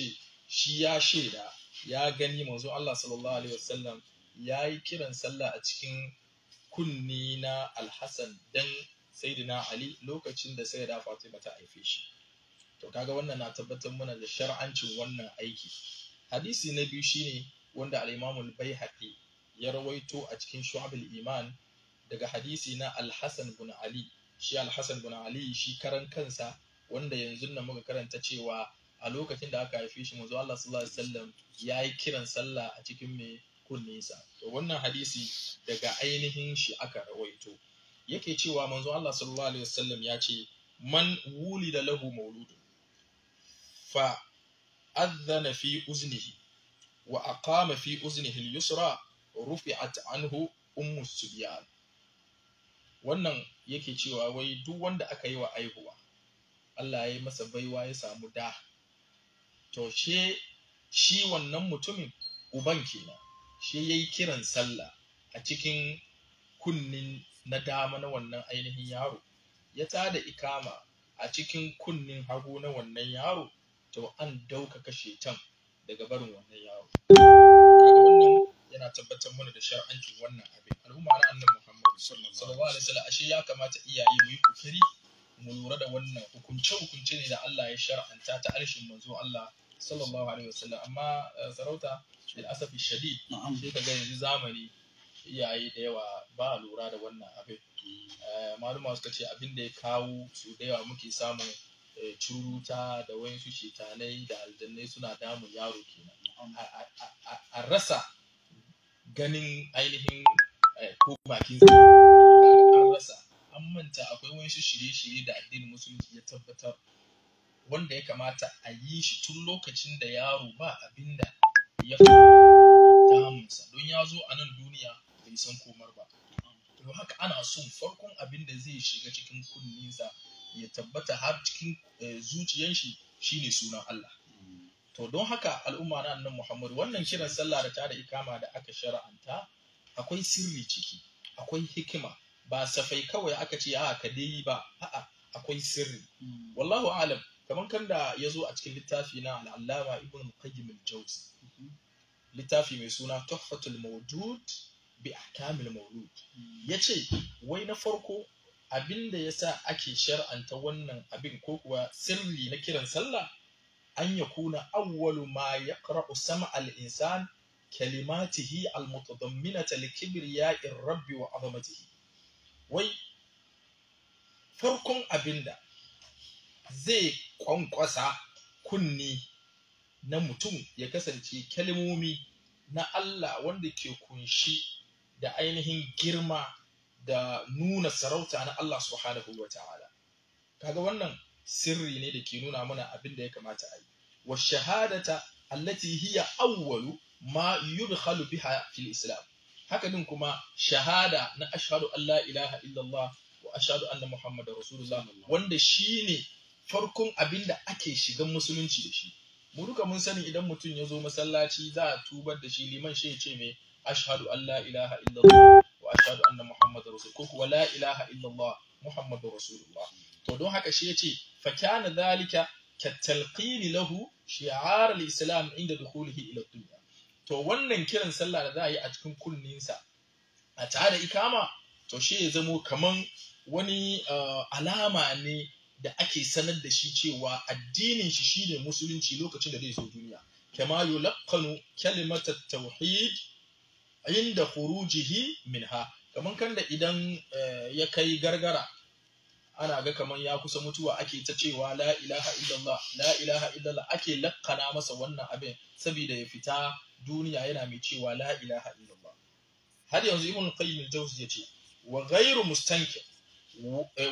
ce shi ya shaida ya gani manzo Allah sallallahu alaihi wasallam ya yi kiran sallah a cikin kunni na alhassan dan sayyidina ali lokacin da sayyida fatima ta haife shi to kaga wannan na tabbatar mana da shar'ancin wannan aiki hadisi na biyu shine wanda al-imam al-baihaqi ya rawaito a cikin shu'abul iman daga hadisi na al-hasan ibn ali shi al-hasan ibn ali shi karan kansa wanda yanzu nan muka karanta cewa a lokacin da aka haife shi manzo Allah sallallahu alaihi wasallam yayi kiran sallah a cikin me kunnensa. to wannan hadisi daga ainihin shi aka rawaito yake cewa manzo Allah sallallahu alaihi wasallam ya ce man wulida lahu mauludu fa adhana fi uznihi wa aqama fi uznihi al-yusra rufi'at anhu ummu subyan wannan yake cewa wai duk wanda aka yi wa aihuwa Allah ya yi masa baiwa ya samu da to she shi wannan mutumin uban kenan shi yayi kiran sallah a cikin kunnin na dama na wannan ainihin yaro ya tada ikama a cikin kunnin hagu na wannan yaro to an ɗaukaka shetan daga barin wannan yaro wannan yana tabbatar mana da shar'ancin wannan abin al'umma na annabi Muhammad sallallahu alaihi wasallam ashe ya kamata iyaye mu yi kokari mu lura da wannan hukunce hukunce ne da Allah ya shar'anta ta arshin manzo Allah sallallahu alaihi wasallam amma eh, sarauta da asafi shadid sai ka yanzu zamani iyaye da yawa ba lura da wannan abin eh, maluma suka ce abin da ya kawo su da yawa muke samun eh, curuta da wayansu shetanai da aljannai suna damun yaro kenan a rasa ganin ainihin ko bakin an rasa an manta akwai wani shirye-shirye da addinin musulunci ya tabbatar wanda ya kamata a yi shi tun lokacin da yaro ba abin da ya damunsa don ya zo a nan duniya bai san komar ba to haka ana so farkon abin da zai shiga cikin kunninsa ya tabbata har cikin eh, zuciyar shi shine sunan Allah to don haka al'umma na annabi Muhammad wannan kiran sallah da ta da ikama da aka shara'anta akwai sirri ciki akwai hikima ba safai kawai aka ce a ka dai ba a'a akwai sirri hmm. wallahu alam kamar kan da ya zo a cikin littafi na al'allama ibn muqayyim al-jawzi hmm. littafi mai suna tuhfatul mawdud bi ahkamil mawlud hmm. yace wai na farko abin da yasa ake shar'anta wannan abin ko kuwa sirri na kiran sallah an yakuna awwalu ma yaqra'u sama al-insan kalimatihi al-mutadamminata li kibriya'i rabbi wa 'azamatihi wai farkon abinda zai kwankwasa kunni na mutum ya kasance kalmomi na Allah wanda ke kunshi da ainihin girma da nuna sarauta na Allah subhanahu wa ta'ala kaga wannan sirri ne da ke nuna mana abin da ya kamata a yi wa shahadata allati hiya awwalu ma yudkhalu biha fil islam haka din kuma shahada na ashhadu an la ilaha illallah wa ashhadu anna muhammadar rasulullah wanda shi ne farkon abin da ake shigan musulunci da shi mu duka mun sani idan mutum ya zo masallaci za a tubar da shi liman shi ya ce me ashhadu an la ilaha illallah wa ashhadu anna muhammadar rasul ko kuwa la ilaha illallah muhammadur rasulullah to don haka shi ya ce fa kana dhalika ka talqini lahu shi'ar al-islam inda dukhulihi ila dunya to wannan kiran sallah da za a yi a cikin sa a tare da ikama to shi ya zamo kaman wani eh, alama ne da ake sanar da shi cewa addinin shi shine musulunci lokacin da zai zo duniya kama yulaqqanu kalimatat tauhid inda khurujihi minha kaman kan da idan eh, ya kai gargara ana ga kaman ya kusa mutuwa ake ta cewa la ilaha illallah la ilaha illallah ake lakkana masa wannan abin saboda ya fita duniya yana mai cewa la ilaha illallah har yanzu ibn qayyim al-jawzi yace wa ghayru mustankir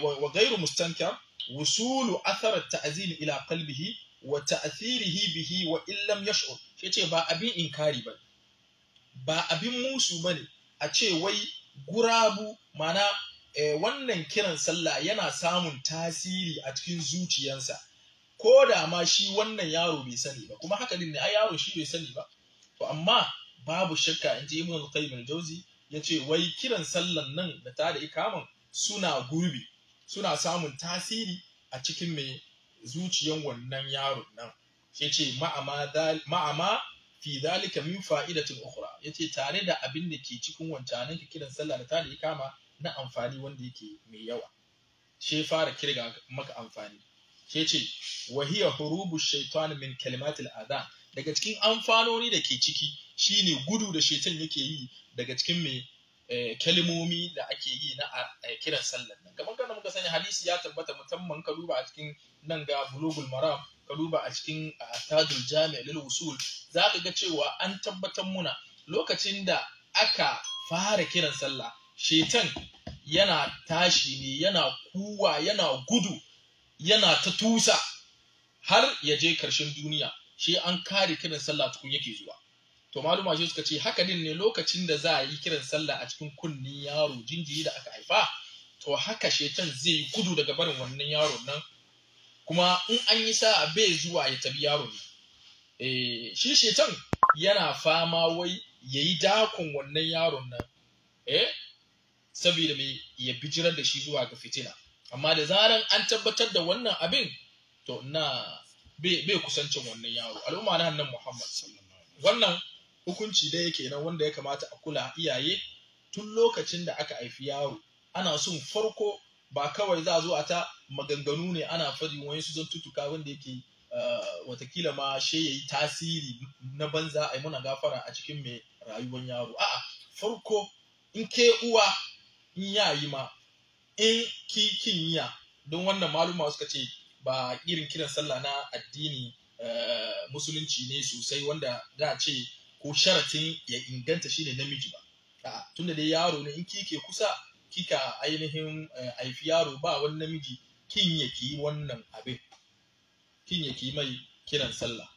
wa ghayru mustankir wusulu athar at-ta'zim ila qalbihi wa ta'thirihi bihi wa in lam yash'ur yace ba abin inkari bane ba abin musu bane a ce wai gurabu mana eh, wannan kiran sallah yana samun tasiri a cikin zuciyarsa ko da ma shi wannan yaro bai sani ba kuma haka ne ai yaro shi bai sani ba to amma babu shakka in ji ibn al-qayyim al Ya yace wai kiran sallan nan da ta da ikaman suna gurbi suna samun tasiri a cikin mai zuciyan wannan yaron nan yace ma'ama ma'ama fi zalika min fa'idatin ukhra yace tare da abin da ke cikin wancanan kiran sallah da ta da ikama na amfani wanda yake mai yawa she fara kirga maka amfani she ce wahiya hurubu shaitan min kalimatil adhan daga cikin amfanoni da ke ciki shine gudu da shetan yake yi daga cikin mai eh, kalmomi da ake yi na eh, kiran sallar nan kamar kana muka sani hadisi ya tabbata musamman ka duba a cikin nan ga bulugul maram ka duba a cikin tajul jami'a lil usul za ka ga cewa an tabbatar muna lokacin da aka fara kiran sallah shetan yana tashi ne yana kuwa yana gudu yana ta tusa har ya je karshen duniya shi an kare kiran sallah tukun yake zuwa to maluma shi suka ce haka din ne lokacin da za a yi kiran sallah a cikin kunni yaro jinjiri da aka haifa to haka shaitan zai yi gudu daga barin wannan yaron nan kuma in an yi sa'a bai zuwa ya tabi yaro ne eh shi shetan yana fama wai ya yi dakon wannan yaron nan eh saboda mai ya bijirar da shi zuwa ga fitina amma da zaran an tabbatar da wannan abin to na bai kusancin wannan yaro al'umma na hannun muhammad wannan hukunci da yake nan wanda ya kamata a kula iyaye tun lokacin da aka haifi yaro ana son farko ba kawai za a zo a ta maganganu ne ana fari wani su zan tutuka wanda yake eh, watakila ma she yayi tasiri na banza a yi muna gafara a cikin mai rayuwar yaro a'a farko in ke uwa in yayi ma in kikin ya don wannan maluma suka ce ba irin kiran sallah na addini eh, musulunci ne sosai wanda da ce ko sharatin ya inganta shi ne namiji ba tunda dai yaro ne in kike kusa kika ainihin eh, haifi yaro ba wani namiji kin ya ki wannan abin kin ya ki mai kiran sallah